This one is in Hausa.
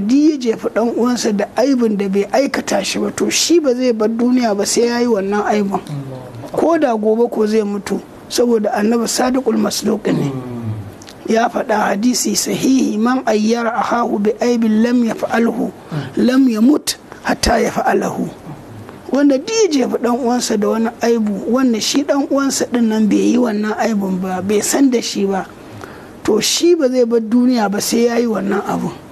da ya jefa dan uwansa da aibin da bai aikata shi ba to shi ba zai bar duniya ba sai ya yi wannan aibin ko da gobe ko zai mutu saboda annabi sadiqul masduq ne ya faɗa hadisi sahihi man ayyara ahahu bi aibin lam yaf'alhu lam yamut hatta yaf'alahu wanda duk ya jefa dan uwansa da wani aibu wanda shi dan uwansa din nan bai yi wannan aibin ba bai san da shi ba to shi ba zai bar duniya ba sai ya yi wannan abun